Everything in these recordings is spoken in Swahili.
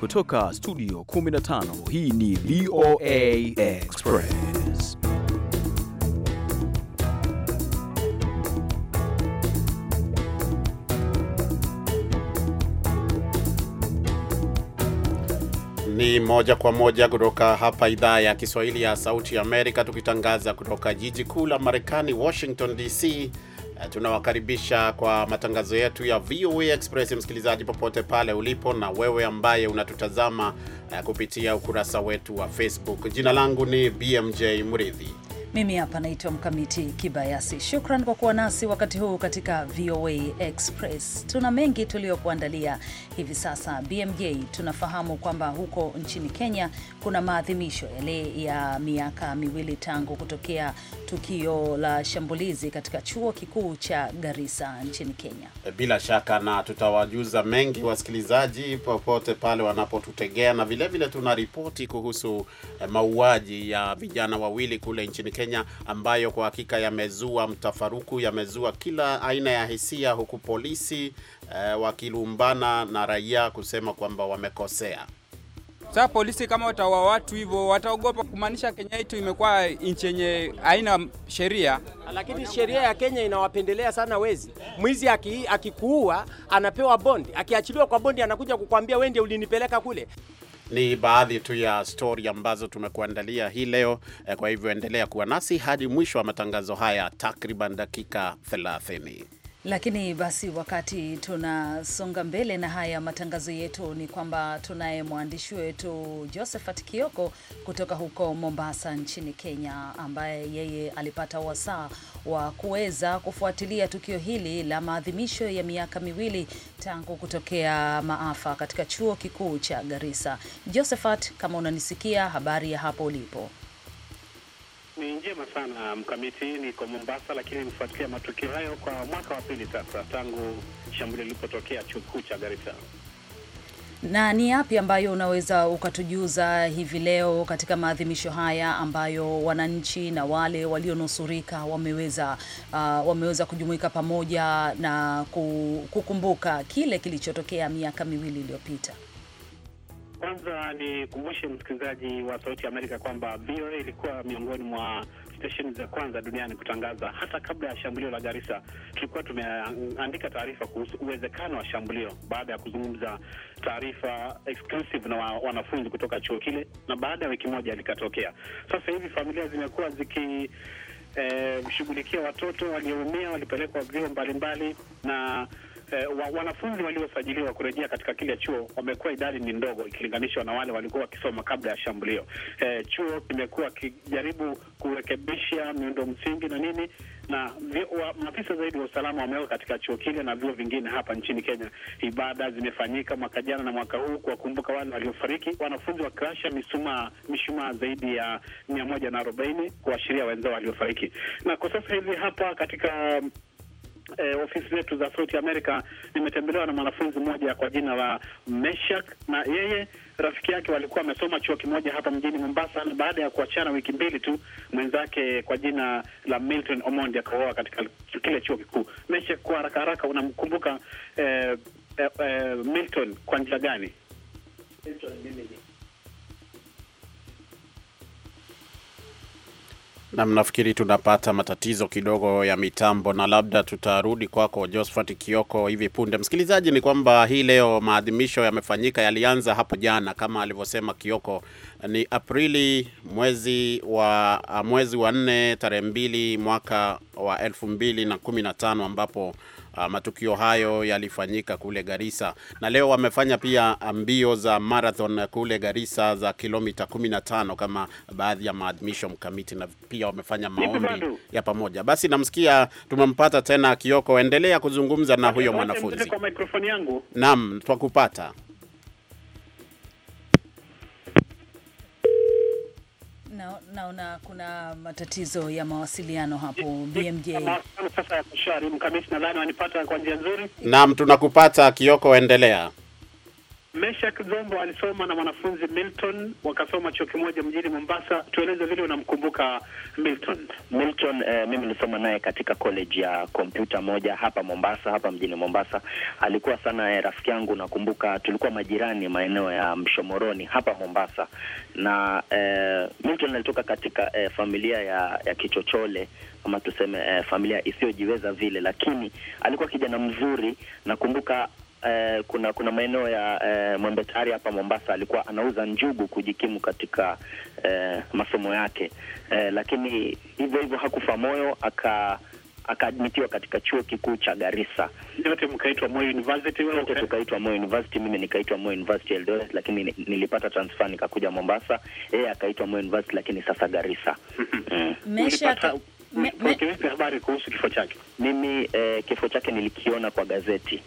Kutoka studio 15 hii ni VOA Express. Ni moja kwa moja kutoka hapa idhaa ya Kiswahili ya Sauti ya Amerika, tukitangaza kutoka jiji kuu la Marekani, Washington DC. Eh, tunawakaribisha kwa matangazo yetu ya VOA Express, msikilizaji popote pale ulipo, na wewe ambaye unatutazama eh, kupitia ukurasa wetu wa Facebook. Jina langu ni BMJ Mridhi mimi hapa naitwa Mkamiti Kibayasi. Shukran kwa kuwa nasi wakati huu katika VOA Express. Tuna mengi tuliyokuandalia hivi sasa. BMJ, tunafahamu kwamba huko nchini Kenya kuna maadhimisho yale ya miaka miwili tangu kutokea tukio la shambulizi katika chuo kikuu cha Garissa nchini Kenya. Bila shaka na tutawajuza mengi wasikilizaji popote pale wanapotutegea, na vilevile tuna ripoti kuhusu eh, mauaji ya vijana wawili kule nchini Kenya Kenya ambayo kwa hakika yamezua mtafaruku, yamezua kila aina ya hisia, huku polisi eh, wakilumbana na raia kusema kwamba wamekosea. Sasa polisi kama watawa watu hivyo wataogopa, kumaanisha Kenya yetu imekuwa nchi yenye haina sheria. Lakini sheria ya Kenya inawapendelea sana wezi. Mwizi akikuua aki anapewa bondi, akiachiliwa kwa bondi anakuja kukwambia wewe ndiye ulinipeleka kule. Ni baadhi tu ya stori ambazo tumekuandalia hii leo. Eh, kwa hivyo endelea kuwa nasi hadi mwisho wa matangazo haya, takriban dakika 30. Lakini basi wakati tunasonga mbele na haya matangazo yetu, ni kwamba tunaye mwandishi wetu Josephat Kioko kutoka huko Mombasa nchini Kenya, ambaye yeye alipata wasaa wa kuweza kufuatilia tukio hili la maadhimisho ya miaka miwili tangu kutokea maafa katika chuo kikuu cha Garissa. Josephat, kama unanisikia, habari ya hapo ulipo? njema sana Mkamiti, niko Mombasa, lakini nimefuatilia matukio hayo kwa mwaka wa pili sasa tangu shambulio lilipotokea chuo kikuu cha Garissa. Na ni yapi ambayo unaweza ukatujuza hivi leo katika maadhimisho haya ambayo wananchi na wale walionusurika wameweza uh, wameweza kujumuika pamoja na kukumbuka kile kilichotokea miaka miwili iliyopita? Kwanza nikumbushe msikilizaji wa Sauti ya Amerika kwamba VOA ilikuwa miongoni mwa stesheni za kwanza duniani kutangaza. Hata kabla ya shambulio la Garissa, tulikuwa tumeandika taarifa kuhusu uwezekano wa shambulio baada ya kuzungumza taarifa exclusive na wanafunzi kutoka chuo kile, na baada ya wiki moja likatokea. Sasa hivi familia zimekuwa ziki eh, shughulikia watoto walioumia, walipelekwa vyuo mbalimbali na eh, wa, wanafunzi waliosajiliwa kurejea katika kile chuo wamekuwa idadi ni ndogo ikilinganishwa na wale walikuwa wakisoma kabla ya shambulio. Eh, chuo kimekuwa kijaribu kurekebisha miundo msingi na nini na maafisa zaidi wa usalama wameweka katika chuo kile na vyuo vingine hapa nchini Kenya. Ibada zimefanyika mwaka jana na mwaka huu kuwakumbuka wale waliofariki. Wanafunzi wakirasha mishumaa mishumaa zaidi ya mia moja na arobaini kuashiria wenzao waliofariki, na kwa sasa hivi hapa katika eh, ofisi zetu za Sauti Amerika, nimetembelewa na mwanafunzi mmoja kwa jina la Meshak, na yeye rafiki yake walikuwa wamesoma chuo kimoja hapa mjini Mombasa, na baada ya kuachana wiki mbili tu mwenzake kwa jina la Milton Omondi akaoa katika kile chuo kikuu. Meshak, kwa haraka haraka, unamkumbuka eh, eh, eh, Milton kwa njia gani? Milton, Nam, nafikiri tunapata matatizo kidogo ya mitambo na labda tutarudi kwako Josephat Kioko hivi punde. Msikilizaji, ni kwamba hii leo maadhimisho yamefanyika, yalianza hapo jana kama alivyosema Kioko, ni Aprili mwezi wa mwezi wa nne tarehe mbili mwaka wa elfu mbili na kumi na tano ambapo Uh, matukio hayo yalifanyika kule Garissa na leo wamefanya pia ah, mbio za marathon kule Garissa za kilomita 15 kama baadhi ya maadhimisho mkamiti, na pia wamefanya maombi ya pamoja. Basi namsikia tumempata tena Kioko, endelea kuzungumza na huyo mwanafunzi. Naam, twakupata. naona kuna matatizo ya mawasiliano hapo BMJ. Sasa ya kushari mkamiti, nadhani wanipata kwa njia nzuri. Naam, tunakupata Kioko, endelea. Meshak Dhombo alisoma na mwanafunzi Milton, wakasoma chuo kimoja mjini Mombasa. Tueleze vile unamkumbuka Milton. Milton eh, mimi nilisoma naye katika college ya kompyuta moja hapa Mombasa, hapa mjini Mombasa. Alikuwa sana eh, rafiki yangu, nakumbuka tulikuwa majirani maeneo ya Mshomoroni hapa Mombasa, na eh, Milton alitoka katika eh, familia ya, ya kichochole ama tuseme eh, familia isiyojiweza vile, lakini alikuwa kijana mzuri. Nakumbuka eh, kuna kuna maeneo ya eh, Mwembetari hapa Mombasa alikuwa anauza njugu kujikimu katika eh, masomo yake eh, lakini hivyo hivyo hakufa moyo aka akaadmitiwa katika chuo kikuu cha Garissa. Yote mkaitwa Moi University Yote tukaitwa Moi University, mimi nikaitwa Moi University Eldoret, lakini nilipata transfer nikakuja Mombasa. Yeye akaitwa Moi University, lakini sasa Garissa. mm. Mesha habari kuhusu kifo chake? Mimi eh, kifo chake nilikiona kwa gazeti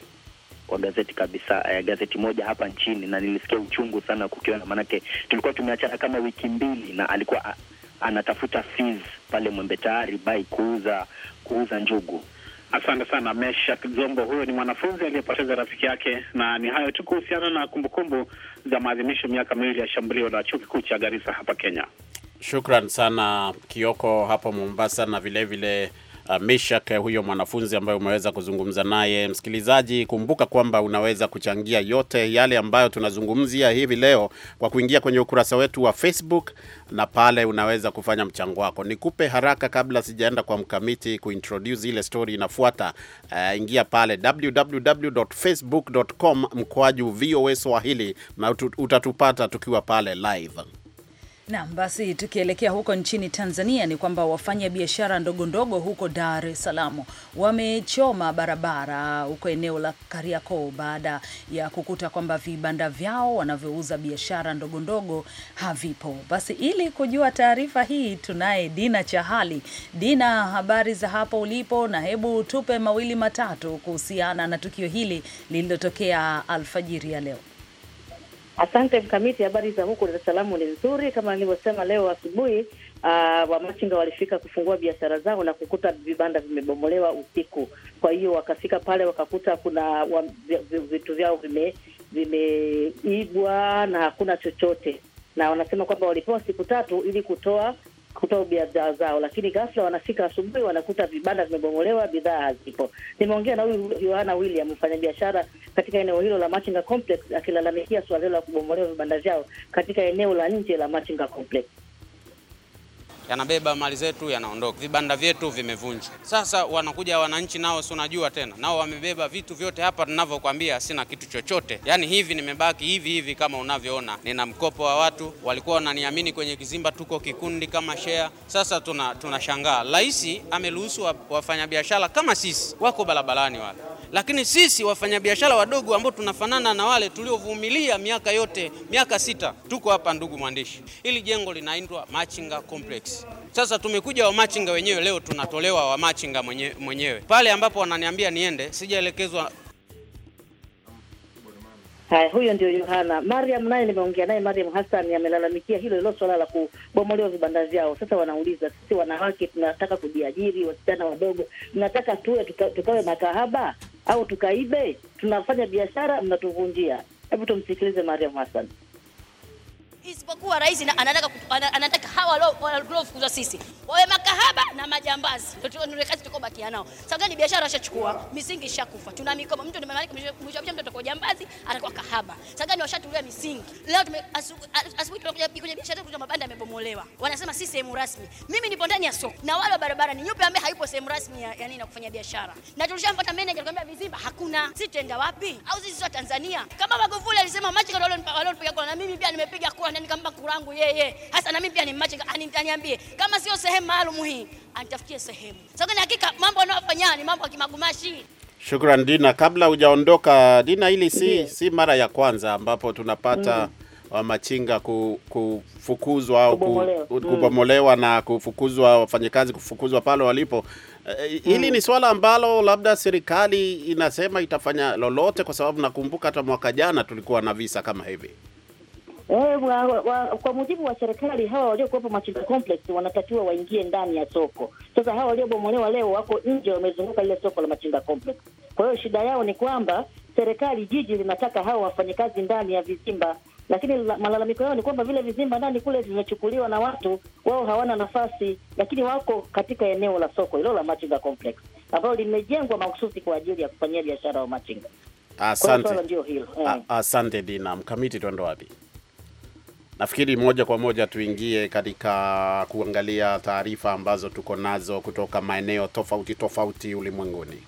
kwa gazeti kabisa, eh, gazeti moja hapa nchini, na nilisikia uchungu sana kukiona, maanake tulikuwa tumeachana kama wiki mbili, na alikuwa anatafuta fees pale Mwembe Tayari bai kuuza kuuza njugu. Asante sana Meshak Zombo. Huyo ni mwanafunzi aliyepoteza rafiki yake, na ni hayo tu kuhusiana na kumbukumbu za maadhimisho miaka miwili ya shambulio la chuo kikuu cha Garissa hapa Kenya. Shukran sana Kioko hapo Mombasa, na vilevile vile uh, Meshak, eh, huyo mwanafunzi ambaye umeweza kuzungumza naye. Msikilizaji, kumbuka kwamba unaweza kuchangia yote yale ambayo tunazungumzia hivi leo kwa kuingia kwenye ukurasa wetu wa Facebook, na pale unaweza kufanya mchango wako. Nikupe haraka kabla sijaenda kwa mkamiti kuintroduce ile story inafuata. Uh, ingia pale www.facebook.com mkwaju VOA Swahili na utatupata tukiwa pale live. Nam, basi tukielekea huko nchini Tanzania ni kwamba wafanya biashara ndogo ndogo huko Dar es Salaam wamechoma barabara huko eneo la Kariakoo baada ya kukuta kwamba vibanda vyao wanavyouza biashara ndogo ndogo havipo. Basi ili kujua taarifa hii tunaye Dina Chahali. Dina, habari za hapo ulipo, na hebu tupe mawili matatu kuhusiana na tukio hili lililotokea alfajiri ya leo. Asante Mkamiti, habari za huko Dar es Salaam ni nzuri. Kama nilivyosema leo asubuhi, uh, wamachinga walifika kufungua biashara zao na kukuta vibanda vimebomolewa usiku. Kwa hiyo wakafika pale wakakuta kuna wa, vitu vyao vimeibwa vime na hakuna chochote, na wanasema kwamba walipewa siku tatu ili kutoa kutoa bidhaa zao, lakini ghafla wanafika asubuhi, wanakuta vibanda vimebomolewa, bidhaa hazipo. Nimeongea na huyu Yohana William, mfanyabiashara katika eneo hilo la Machinga Complex, akilalamikia suala hilo la kubomolewa vibanda vyao katika eneo la nje la Machinga Complex yanabeba mali zetu yanaondoka, vibanda vyetu vimevunjwa. Sasa wanakuja wananchi nao, si unajua tena, nao wamebeba vitu vyote. Hapa ninavyokuambia sina kitu chochote, yaani hivi nimebaki hivi hivi kama unavyoona, nina mkopo wa watu walikuwa wananiamini kwenye kizimba, tuko kikundi kama share. Sasa tunashangaa tuna rais ameruhusu wafanyabiashara kama sisi wako barabarani wale, lakini sisi wafanyabiashara wadogo ambao tunafanana na wale tuliovumilia miaka yote, miaka sita, tuko hapa ndugu mwandishi. Hili jengo linaitwa Machinga Complex sisi. Sasa tumekuja wamachinga wenyewe, leo tunatolewa wamachinga mwenye, mwenyewe pale ambapo wananiambia niende, sijaelekezwa. Haya, huyo ndio Yohana Mariam, naye nimeongea naye. Mariam Hassan amelalamikia hilo lilo swala la kubomolewa vibanda vyao. Sasa wanauliza, sisi wanawake tunataka kujiajiri, wasichana wadogo tunataka tuwe tuka, tukawe makahaba au tukaibe, tunafanya biashara, mnatuvunjia. Hebu tumsikilize Mariam Hassan isipokuwa rais anataka anataka hawa waliofukuzwa sisi wawe makahaba na majambazi, ndio kazi tukobakia nao. Sababu gani? Biashara washachukua, misingi ishakufa. Tuna mikoba, mtu mtu atakuwa jambazi, atakuwa kahaba. Sababu gani? Washatulia misingi. Leo asubuhi tunakuja kwenye biashara kwa mabanda yamebomolewa, wanasema si sehemu rasmi. Mimi nipo ndani ya soko na wale barabara ni nyupe, ambaye haipo sehemu rasmi ya nini ya kufanya biashara, na tulishampata manager akamwambia vizimba hakuna, si tutaenda wapi? Au sisi sio Tanzania? Kama Magufuli alisema machi wale wale, na mimi pia nimepiga kwa nenda nikampa kulangu yeye hasa, na mimi pia ni nimachinga, aniambie kama sio sehemu maalum hii anitafutie sehemu. Sasa hakika mambo anayofanya ni mambo ya kimagumashi. Shukran Dina, kabla hujaondoka Dina, hili si, yeah. si mara ya kwanza ambapo tunapata mm -hmm. Wamachinga uh, kufukuzwa au kubomolewa mm. na kufukuzwa, wafanyakazi kufukuzwa pale walipo. Eh, eh, hili mm. ni swala ambalo labda serikali inasema itafanya lolote, kwa sababu nakumbuka hata mwaka jana tulikuwa na visa kama hivi. Eh, wa, wa, kwa mujibu wa serikali hawa waliokuwepo Machinga Complex wanatakiwa waingie ndani ya soko. Sasa hawa waliobomolewa leo wako nje, wamezunguka lile soko la Machinga Complex. Kwa hiyo shida yao ni kwamba serikali jiji linataka hawa wafanyakazi ndani ya vizimba, lakini malalamiko yao ni kwamba vile vizimba ndani kule vimechukuliwa na watu, wao hawana nafasi, lakini wako katika eneo la soko hilo la Machinga Complex ambalo limejengwa mahususi kwa ajili ya kufanyia biashara wa machinga. Asante, ndio hilo. Eh. Asante Dina Mkamiti, tuende wapi? Nafikiri moja kwa moja tuingie katika kuangalia taarifa ambazo tuko nazo kutoka maeneo tofauti tofauti ulimwenguni.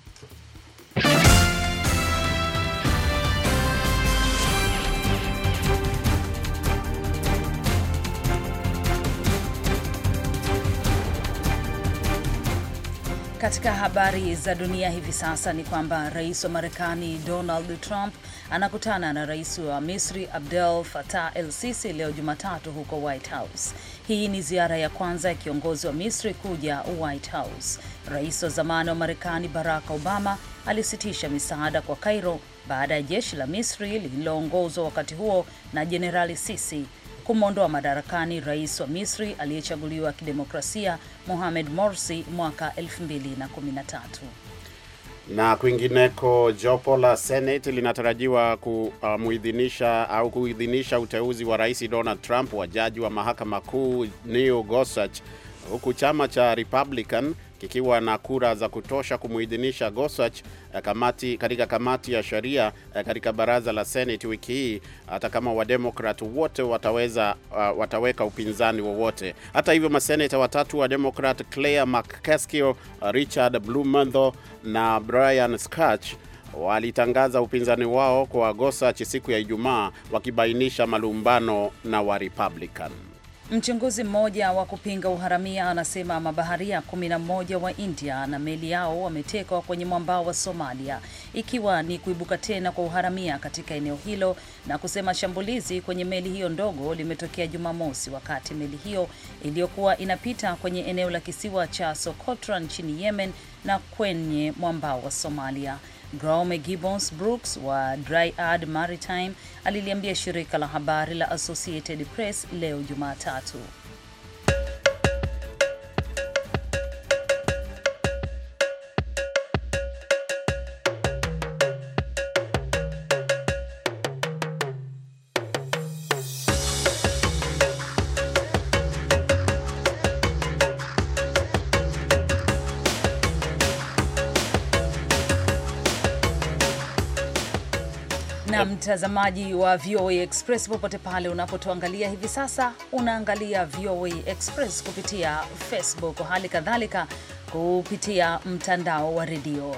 Katika habari za dunia hivi sasa ni kwamba rais wa Marekani Donald Trump anakutana na rais wa Misri Abdel Fattah El Sisi leo Jumatatu huko White House. Hii ni ziara ya kwanza ya kiongozi wa Misri kuja White House. Rais wa zamani wa Marekani Barack Obama alisitisha misaada kwa Cairo baada ya jeshi la Misri lililoongozwa wakati huo na Jenerali Sisi kumwondoa madarakani rais wa Misri aliyechaguliwa kidemokrasia Mohamed Morsi mwaka 2013. Na kwingineko, jopo la Senate linatarajiwa kumuidhinisha au kuidhinisha uteuzi wa Rais Donald Trump wa jaji wa mahakama kuu Neil Gorsuch, huku chama cha Republican kikiwa na kura za kutosha kumuidhinisha gosach eh, kamati, katika kamati ya sheria eh, katika baraza la Senate wiki hii, hata kama wademokrat wote wataweza uh, wataweka upinzani wowote. Hata hivyo maseneta watatu wa Democrat Claire McCaskill, uh, Richard Blumenthal na Brian scatch walitangaza upinzani wao kwa gosach siku ya Ijumaa wakibainisha malumbano na wa Republican. Mchunguzi mmoja wa kupinga uharamia anasema mabaharia kumi na mmoja wa India na meli yao wametekwa kwenye mwambao wa Somalia, ikiwa ni kuibuka tena kwa uharamia katika eneo hilo, na kusema shambulizi kwenye meli hiyo ndogo limetokea Jumamosi wakati meli hiyo iliyokuwa inapita kwenye eneo la kisiwa cha Socotra nchini Yemen na kwenye mwambao wa Somalia. Brome Gibbons Brooks wa Dryad Maritime aliliambia shirika la habari la Associated Press leo Jumatatu. mtazamaji wa VOA Express popote pale unapotuangalia hivi sasa, unaangalia VOA Express kupitia Facebook, hali kadhalika kupitia mtandao wa redio.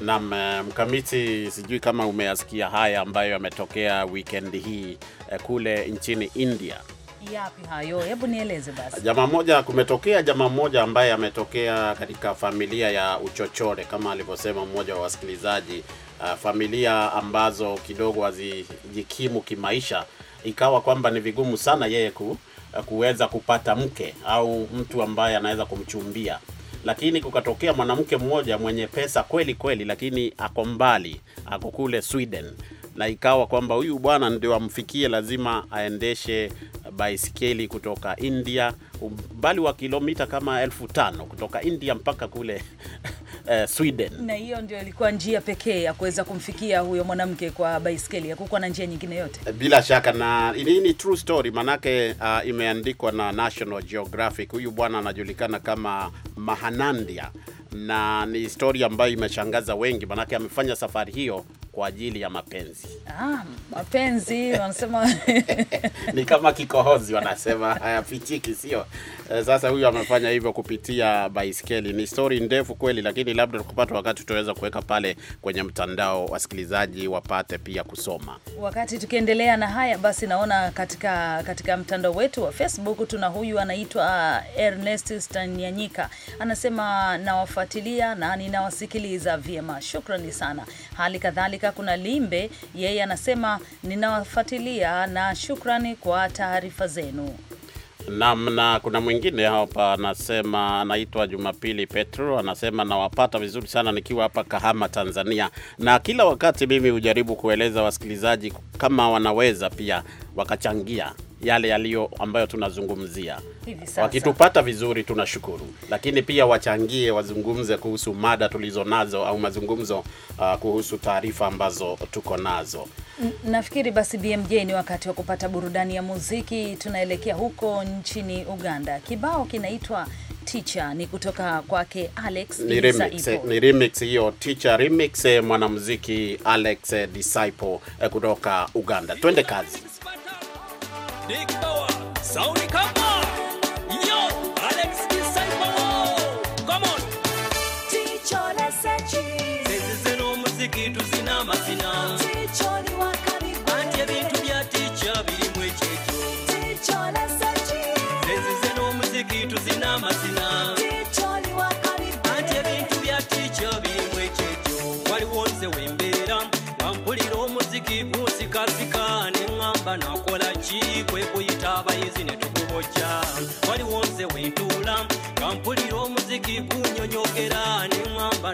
Naam, eh, Mkamiti, sijui kama umeyasikia haya ambayo yametokea wikendi hii eh, kule nchini India. Yapi hayo? Hebu nieleze basi. Jamaa mmoja kumetokea jamaa mmoja ambaye ametokea katika familia ya uchochole kama alivyosema mmoja wa wasikilizaji uh, familia ambazo kidogo hazijikimu kimaisha, ikawa kwamba ni vigumu sana yeye ku, eh, kuweza kupata mke au mtu ambaye anaweza kumchumbia lakini kukatokea mwanamke mmoja mwenye pesa kweli kweli, lakini ako mbali, ako kule Sweden, na ikawa kwamba huyu bwana ndio amfikie, lazima aendeshe baisikeli kutoka India, umbali wa kilomita kama elfu tano kutoka India mpaka kule Eh, Sweden. Na hiyo ndio ilikuwa njia pekee ya kuweza kumfikia huyo mwanamke kwa baiskeli, hakukuwa na njia nyingine yote. Eh, bila shaka, na hii ni true story manake, uh, imeandikwa na National Geographic. Huyu bwana anajulikana kama Mahanandia na ni historia ambayo imeshangaza wengi, manake amefanya safari hiyo kwa ajili ya mapenzi. Ah, mapenzi wanasema ni kama kikohozi, wanasema hayafichiki, sio? Eh, sasa huyu amefanya hivyo kupitia baiskeli. Ni stori ndefu kweli, lakini labda tukupata wakati tutaweza kuweka pale kwenye mtandao, wasikilizaji wapate pia kusoma. Wakati tukiendelea na haya basi, naona katika katika mtandao wetu wa Facebook tuna huyu anaitwa uh, Ernest Stanyanyika, anasema nawafuatilia na ninawasikiliza vyema, shukrani sana. Hali kadhalika kadhalika kuna Limbe, yeye anasema ninawafuatilia na shukrani kwa taarifa zenu. Naam, na kuna mwingine hapa anasema, anaitwa Jumapili Petro, anasema nawapata vizuri sana nikiwa hapa Kahama, Tanzania, na kila wakati mimi hujaribu kueleza wasikilizaji kama wanaweza pia wakachangia yale yaliyo ambayo tunazungumzia. Wakitupata vizuri, tunashukuru, lakini pia wachangie, wazungumze kuhusu mada tulizonazo au mazungumzo uh, kuhusu taarifa ambazo tuko nazo. Nafikiri basi BMJ, ni wakati wa kupata burudani ya muziki. Tunaelekea huko nchini Uganda, kibao kinaitwa Teacher ni kutoka kwake Alex ni remix, eh, ni remix hiyo Teacher remix, eh, mwanamuziki Alex eh, Disciple kutoka Uganda. Twende kazi. Dick Tower, Sony Cup. ki kwe kuyita abayizi ne tukubojja waliwo nze wentuula omuziki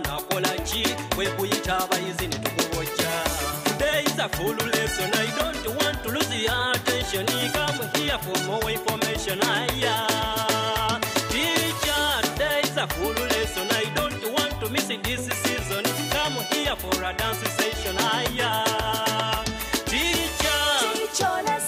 nakola ki kwe kuyita abayizi ne tukubojja a full lesson. I don't want to lose your attention. Come here for more information. Aya. Teacher, today a full lesson. I don't want to miss it this season. Come here for a dance session. Aya. Teacher. Teacher,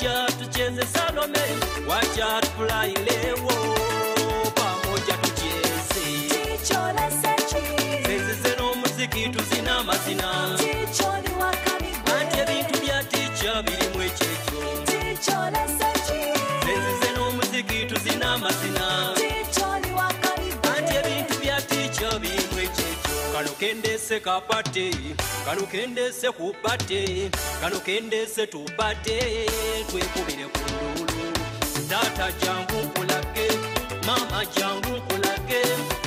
wacha tucheze salome, wacha tufurahi leo pamoja tucheze zeze zero muziki tuzina mazina ante bintu bya ticha birimu ekyekyo se kapate se kanokendese kubate se tupate, twekubire ku ndulu tata jangu kulake, mama jangu kulake.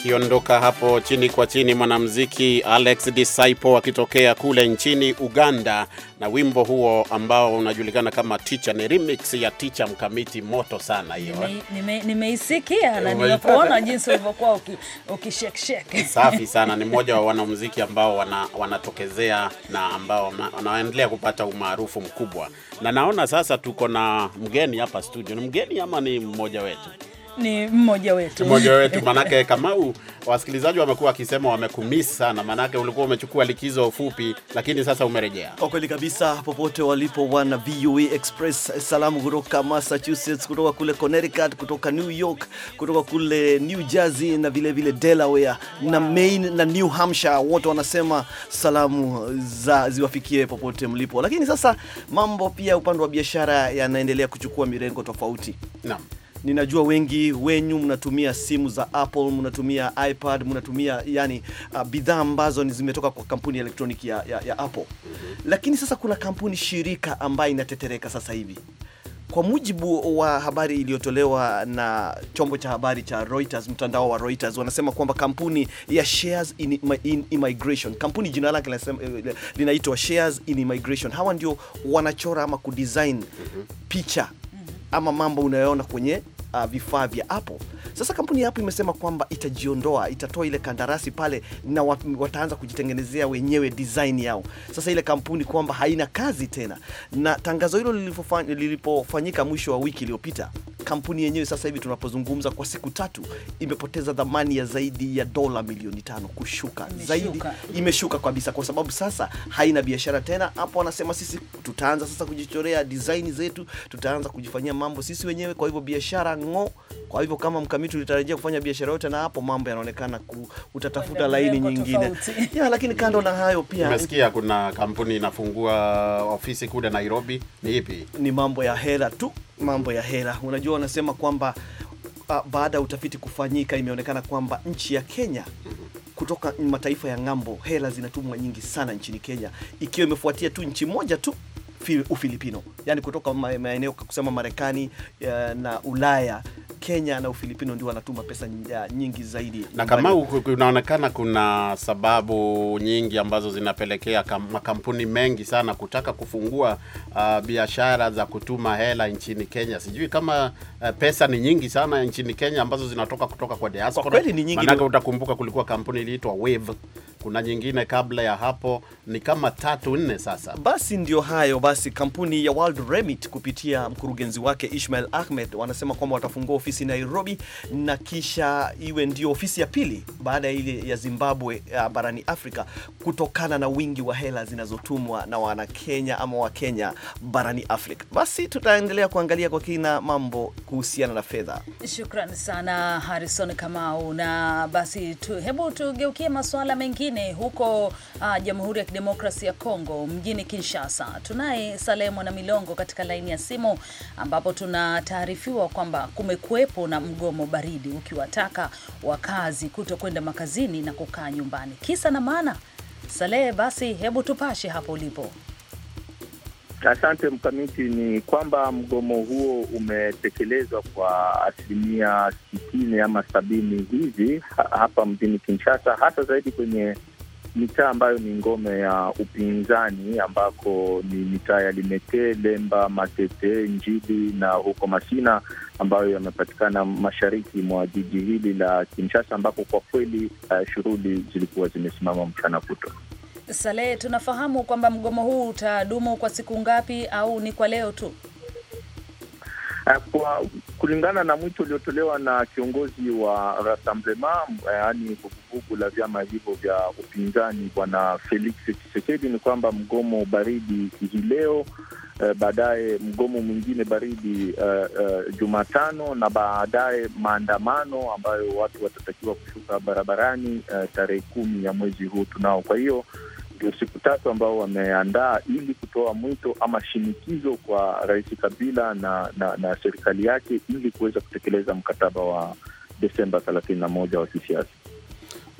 akiondoka hapo chini kwa chini, mwanamuziki Alex Disciple akitokea kule nchini Uganda na wimbo huo ambao unajulikana kama Teacher. Ni remix ya Teacher mkamiti, moto sana hiyo. Nimeisikia na nilipoona jinsi ulivyokuwa ukishekshek. safi sana. Ni mmoja wa wanamuziki ambao wana, wanatokezea na ambao wanaendelea kupata umaarufu mkubwa, na naona sasa tuko na mgeni hapa studio. Ni mgeni ama ni mmoja wetu? ni mmoja wetu, mmoja wetu. Manake Kamau, wasikilizaji wamekuwa wakisema wamekumisa sana, manake ulikuwa umechukua likizo fupi, lakini sasa umerejea. Kwa kweli kabisa, popote walipo wana VOA e Express, salamu kutoka Massachusetts, kutoka kule Connecticut, kutoka New York, kutoka kule New Jersey na vile vile Delaware na Maine na New Hampshire, wote wanasema salamu za ziwafikie popote mlipo. Lakini sasa mambo pia upande wa biashara yanaendelea kuchukua mirengo tofauti. Naam. Ninajua wengi wenyu mnatumia simu za Apple, mnatumia iPad, mnatumia yani uh, bidhaa ambazo zimetoka kwa kampuni ya elektroniki ya, ya, ya Apple. Lakini sasa kuna kampuni shirika ambayo inatetereka sasa hivi. Kwa mujibu wa habari iliyotolewa na chombo cha habari cha Reuters, mtandao wa Reuters, wanasema kwamba kampuni ya Shares in, in Immigration, kampuni jina lake linaitwa Shares in Immigration, hawa ndio wanachora ama kudesign picha ama mambo unayoona kwenye uh, vifaa vya Apple sasa kampuni hapo imesema kwamba itajiondoa, itatoa ile kandarasi pale na wataanza kujitengenezea wenyewe design yao. Sasa ile kampuni kwamba haina kazi tena, na tangazo hilo lilipofanyika mwisho wa wiki iliyopita, kampuni yenyewe sasa hivi tunapozungumza, kwa siku tatu imepoteza dhamani ya zaidi ya dola milioni tano, kushuka imeshuka, zaidi imeshuka kabisa, kwa sababu sasa haina biashara tena. Hapo wanasema sisi tutaanza sasa kujichorea design zetu, tutaanza kujifanyia mambo sisi wenyewe, kwa hivyo biashara ng'o. Kwa hivyo kama mkam mimi tulitarajia kufanya biashara yote, na hapo mambo yanaonekana utatafuta laini nyingine ya, lakini kando na hayo pia nimesikia kuna kampuni inafungua ofisi kule Nairobi. Ni ipi? Ni mambo ya hela tu, mambo ya hela. Unajua wanasema kwamba baada ya utafiti kufanyika imeonekana kwamba nchi ya Kenya kutoka mataifa ya ng'ambo hela zinatumwa nyingi sana nchini Kenya, ikiwa imefuatia tu nchi moja tu Ufilipino, yani kutoka maeneo kusema Marekani na Ulaya Kenya na Ufilipino ndio wanatuma pesa nyingi zaidi. Na kama kunaonekana kuna sababu nyingi ambazo zinapelekea makampuni mengi sana kutaka kufungua uh, biashara za kutuma hela nchini Kenya. Sijui kama Eh, pesa ni nyingi sana nchini Kenya ambazo zinatoka kutoka kwa diaspora. Kweli ni nyingi. Manake utakumbuka kulikuwa kampuni iliitwa Wave, kuna nyingine kabla ya hapo, ni kama tatu nne sasa. Basi ndio hayo. Basi kampuni ya World Remit kupitia mkurugenzi wake Ishmael Ahmed wanasema kwamba watafungua ofisi Nairobi na kisha iwe ndio ofisi ya pili baada ya ile ya Zimbabwe ya eh, barani Afrika kutokana na wingi wa hela zinazotumwa na Wanakenya ama Wakenya barani Afrika. Basi tutaendelea kuangalia kwa kina mambo kuhusiana na fedha. Shukrani sana Harrison Kamau, na basi tu, hebu tugeukie masuala mengine huko uh, Jamhuri ya Kidemokrasia ya Kongo mjini Kinshasa. Tunaye Saleh Mwana Milongo katika laini ya simu, ambapo tunataarifiwa kwamba kumekuwepo na mgomo baridi ukiwataka wakazi kuto kwenda makazini na kukaa nyumbani. Kisa na maana, Saleh, basi hebu tupashe hapo ulipo. Asante Mkamiti, ni kwamba mgomo huo umetekelezwa kwa asilimia sitini ama sabini hivi hapa mjini Kinshasa, hasa zaidi kwenye mitaa ambayo ni ngome ya upinzani ambako ni mitaa ya Limete, Lemba, Matete, Njili na huko Masina ambayo yamepatikana mashariki mwa jiji hili la Kinshasa, ambako kwa kweli uh, shughuli zilikuwa zimesimama mchana kutwa. Saleh, tunafahamu kwamba mgomo huu utadumu kwa siku ngapi au ni kwa leo tu? Eh, kwa kulingana na mwito uliotolewa na kiongozi wa Rassemblement, eh, yaani vuguvugu la vyama hivyo vya upinzani, Bwana Felix Tshisekedi, ni kwamba mgomo baridi hii leo eh, baadaye mgomo mwingine baridi eh, eh, Jumatano na baadaye maandamano ambayo watu watatakiwa kushuka barabarani eh, tarehe kumi ya mwezi huu tunao. Kwa hiyo ndio siku tatu ambao wameandaa ili kutoa mwito ama shinikizo kwa Rais Kabila na, na, na serikali yake ili kuweza kutekeleza mkataba wa Desemba thelathini na moja wa kisiasa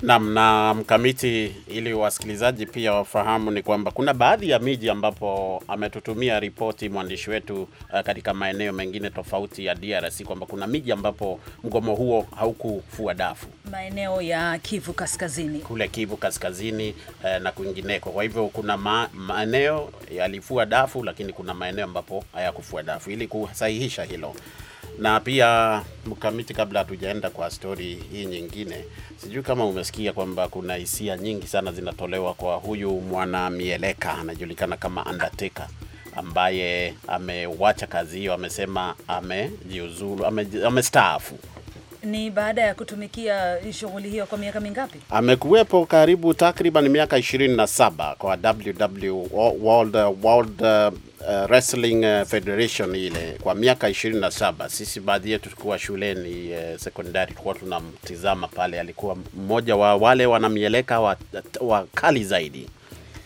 nam na mkamiti, ili wasikilizaji pia wafahamu ni kwamba kuna baadhi ya miji ambapo ametutumia ripoti mwandishi wetu uh, katika maeneo mengine tofauti ya DRC kwamba kuna miji ambapo mgomo huo haukufua dafu, maeneo ya Kivu Kaskazini, kule Kivu Kaskazini uh, na kwingineko. Kwa hivyo kuna ma maeneo yalifua dafu, lakini kuna maeneo ambapo hayakufua dafu, ili kusahihisha hilo na pia mkamiti, kabla hatujaenda kwa stori hii nyingine, sijui kama umesikia kwamba kuna hisia nyingi sana zinatolewa kwa huyu mwanamieleka anajulikana kama Undertaker ambaye amewacha kazi hiyo, amesema amejiuzulu, amestaafu. Ni baada ya kutumikia shughuli hiyo kwa miaka mingapi? Amekuwepo karibu takriban miaka 27 kwa WW World, World uh, Wrestling eh, Federation ile kwa miaka 27. Sisi baadhi yetu tukiwa shuleni uh, eh, sekondari tulikuwa tunamtizama pale, alikuwa mmoja wa wale wanamieleka wakali wa zaidi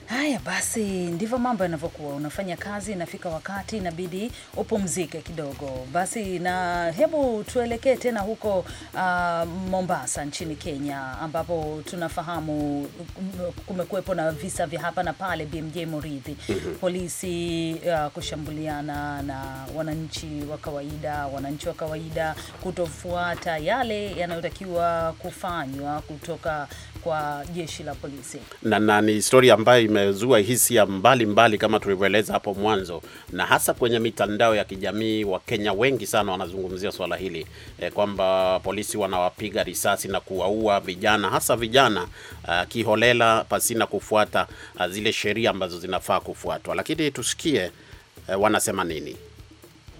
Haya basi, ndivyo mambo yanavyokuwa. Unafanya kazi, inafika wakati inabidi upumzike kidogo. Basi na hebu tuelekee tena huko uh, Mombasa nchini Kenya, ambapo tunafahamu kumekuwepo na visa vya hapa na pale, BMJ Muridhi, mhm. polisi uh, kushambuliana na wananchi wa kawaida, wananchi wa kawaida kutofuata yale yanayotakiwa kufanywa kutoka kwa jeshi la polisi, na, na ni historia ambayo imezua hisia mbalimbali kama tulivyoeleza hapo mwanzo, na hasa kwenye mitandao ya kijamii. Wakenya wengi sana wanazungumzia swala hili e, kwamba polisi wanawapiga risasi na kuwaua vijana, hasa vijana uh, kiholela, pasina kufuata uh, zile sheria ambazo zinafaa kufuatwa, lakini tusikie uh, wanasema nini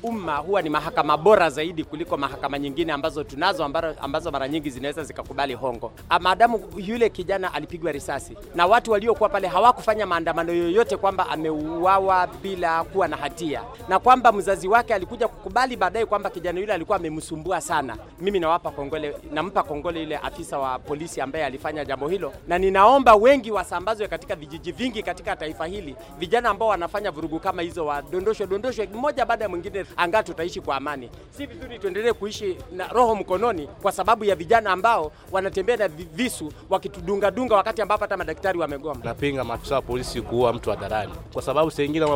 umma huwa ni mahakama bora zaidi kuliko mahakama nyingine ambazo tunazo ambazo mara nyingi zinaweza zikakubali hongo. Ah, maadamu yule kijana alipigwa risasi na watu waliokuwa pale hawakufanya maandamano yoyote kwamba ameuawa bila kuwa na hatia, na kwamba mzazi wake alikuja kukubali baadaye kwamba kijana yule alikuwa amemsumbua sana. Mimi nawapa kongole, nampa kongole yule afisa wa polisi ambaye alifanya jambo hilo, na ninaomba wengi wasambazwe katika vijiji vingi katika taifa hili, vijana ambao wanafanya vurugu kama hizo wadondoshwe dondoshwe mmoja baada ya mwingine angaa tutaishi kwa amani. Si vizuri tuendelee kuishi na roho mkononi kwa sababu ya vijana ambao wanatembea na visu wakitudungadunga, wakati ambapo hata madaktari wamegoma. Napinga maafisa wa polisi kuua mtu hadharani, kwa sababu sengine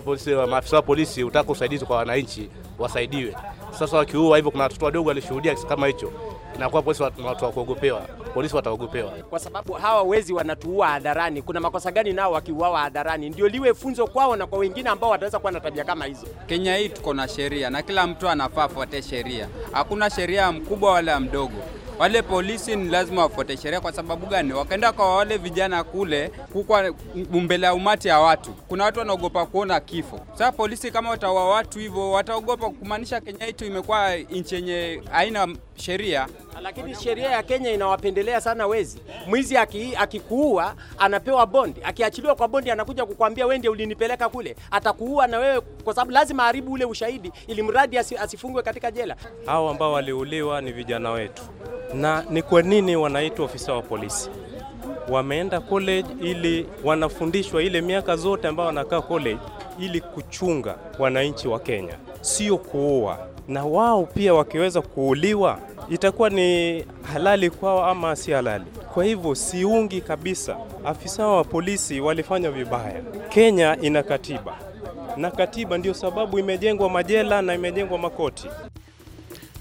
maafisa wa polisi hutaka usaidizi kwa wananchi wasaidiwe sasa wakiua hivyo, kuna watoto wadogo walishuhudia kama hicho, inakuwa polisi watu wa kuogopewa. Polisi wataogopewa kwa sababu hawa wezi wanatuua hadharani. Kuna makosa gani nao wakiuawa hadharani? Ndio liwe funzo kwao na kwa wengine ambao wataweza kuwa na tabia kama hizo. Kenya hii tuko na sheria na kila mtu anafaa afuate sheria, hakuna sheria mkubwa wala mdogo. Wale polisi ni lazima wafuate sheria. Kwa sababu gani? Wakaenda kwa wale vijana kule kukwa mbele ya umati ya watu, kuna watu wanaogopa kuona kifo. Sasa polisi kama wataua watu hivyo, wataogopa, kumaanisha Kenya yetu imekuwa nchi yenye haina sheria. Lakini sheria ya Kenya inawapendelea sana wezi. Mwizi akikuua anapewa bondi, akiachiliwa kwa bondi anakuja kukwambia wewe ndiye ulinipeleka kule, atakuua na wewe, kwa sababu lazima aharibu ule ushahidi ili mradi asifungwe katika jela. Hao ambao waliuliwa ni vijana wetu, na ni kwa nini wanaitwa ofisa wa polisi? Wameenda college ili wanafundishwa ile miaka zote ambao wanakaa college ili kuchunga wananchi wa Kenya, sio kuua na wao pia wakiweza kuuliwa itakuwa ni halali kwao ama si halali. Kwa hivyo siungi kabisa, afisa wa polisi walifanya vibaya. Kenya ina katiba na katiba ndio sababu imejengwa majela na imejengwa makoti.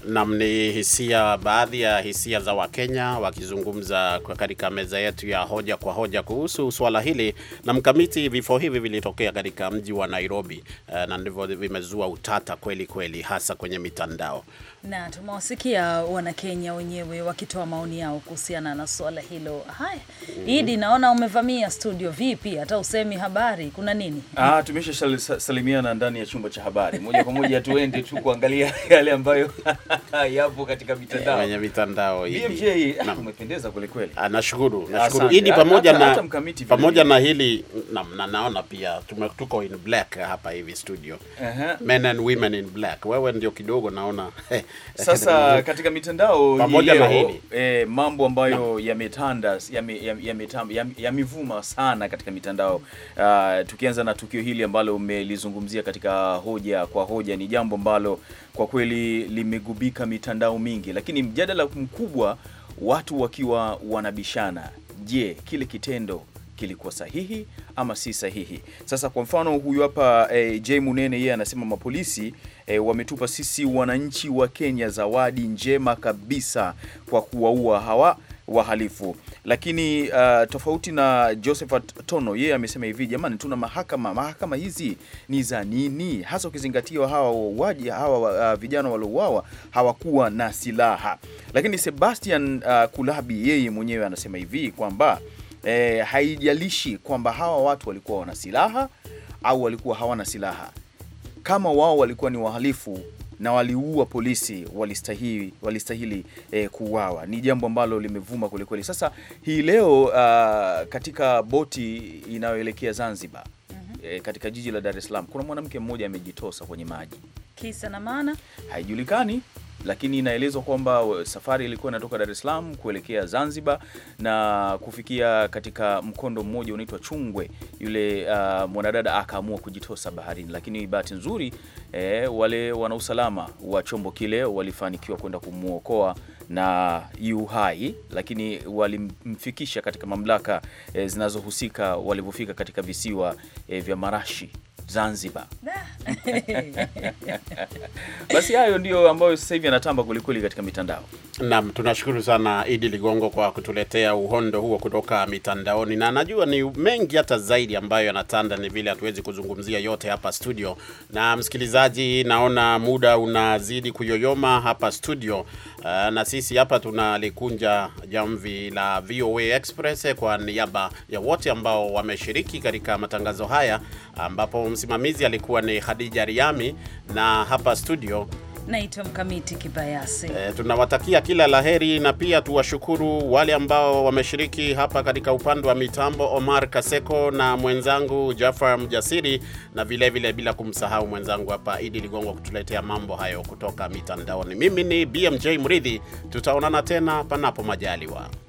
Nam ni hisia, baadhi ya hisia za Wakenya wakizungumza katika meza yetu ya hoja kwa hoja kuhusu swala hili. Na mkamiti, vifo hivi vilitokea katika mji wa Nairobi eh, na ndivyo vimezua utata kweli kweli, hasa kwenye mitandao na tumewasikia Wanakenya wenyewe wakitoa maoni yao kuhusiana na suala hilo. Haya, mm -hmm. Idi, naona umevamia studio. Vipi, hata usemi habari, kuna nini? Ah, tumesha salimiana ndani ya chumba cha habari moja kwa moja, tuende tu kuangalia yale ambayo yapo katika mitandao, kwenye mitandao. Ah, umependeza kweli kweli. Ah, nashukuru, nashukuru Idi, ah, pamoja na pamoja na hili na naona pia tuko in black hapa hivi studio, men and women in black. Wewe ndio kidogo naona Sasa katika mitandao hili e, mambo ambayo yametanda yamevuma yame, yame sana katika mitandao uh, tukianza na tukio hili ambalo umelizungumzia katika hoja kwa hoja, ni jambo ambalo kwa kweli limegubika mitandao mingi, lakini mjadala mkubwa watu wakiwa wanabishana, je, kile kitendo kilikuwa sahihi ama si sahihi? Sasa kwa mfano huyu hapa eh, J Munene yeye anasema mapolisi e, wametupa sisi wananchi wa Kenya zawadi njema kabisa kwa kuwaua hawa wahalifu. Lakini uh, tofauti na Josephat Tono, yeye amesema hivi, jamani, tuna mahakama. Mahakama hizi ni za nini hasa, ukizingatia hawa wauaji hawa uh, vijana waliouawa hawakuwa na silaha. Lakini Sebastian uh, Kulabi yeye mwenyewe anasema hivi kwamba eh, haijalishi kwamba hawa watu walikuwa wana silaha au walikuwa hawana silaha, kama wao walikuwa ni wahalifu na waliua polisi walistahili, walistahili eh, kuuawa. Ni jambo ambalo limevuma kwelikweli. Sasa hii leo uh, katika boti inayoelekea Zanzibar mhm. eh, katika jiji la Dar es Salaam kuna mwanamke mmoja amejitosa kwenye maji, kisa na maana haijulikani lakini inaelezwa kwamba uh, safari ilikuwa inatoka Dar es Salaam kuelekea Zanzibar na kufikia katika mkondo mmoja unaitwa Chungwe, yule uh, mwanadada akaamua kujitosa baharini, lakini bahati nzuri eh, wale wanausalama wa chombo kile walifanikiwa kwenda kumwokoa na yu hai, lakini walimfikisha katika mamlaka eh, zinazohusika. Walivyofika katika visiwa eh, vya Marashi Zanzibar. Basi hayo ndio ambayo sasa hivi yanatamba kwelikweli katika mitandao. Naam, tunashukuru sana Idi Ligongo kwa kutuletea uhondo huo kutoka mitandaoni, na najua ni mengi hata zaidi ambayo yanatanda, ni vile hatuwezi kuzungumzia yote hapa studio. Na msikilizaji, naona muda unazidi kuyoyoma hapa studio, ah, na sisi hapa tunalikunja jamvi la VOA Express kwa niaba ya wote ambao wameshiriki katika matangazo haya ambapo Msimamizi alikuwa ni Khadija Riami, na hapa studio naitwa Mkamiti Kibayasi. E, tunawatakia kila laheri na pia tuwashukuru wale ambao wameshiriki hapa katika upande wa mitambo, Omar Kaseko na mwenzangu Jafar Mjasiri, na vilevile vile bila kumsahau mwenzangu hapa Idi Ligongo kutuletea mambo hayo kutoka mitandaoni. Mimi ni BMJ Mridhi, tutaonana tena panapo majaliwa.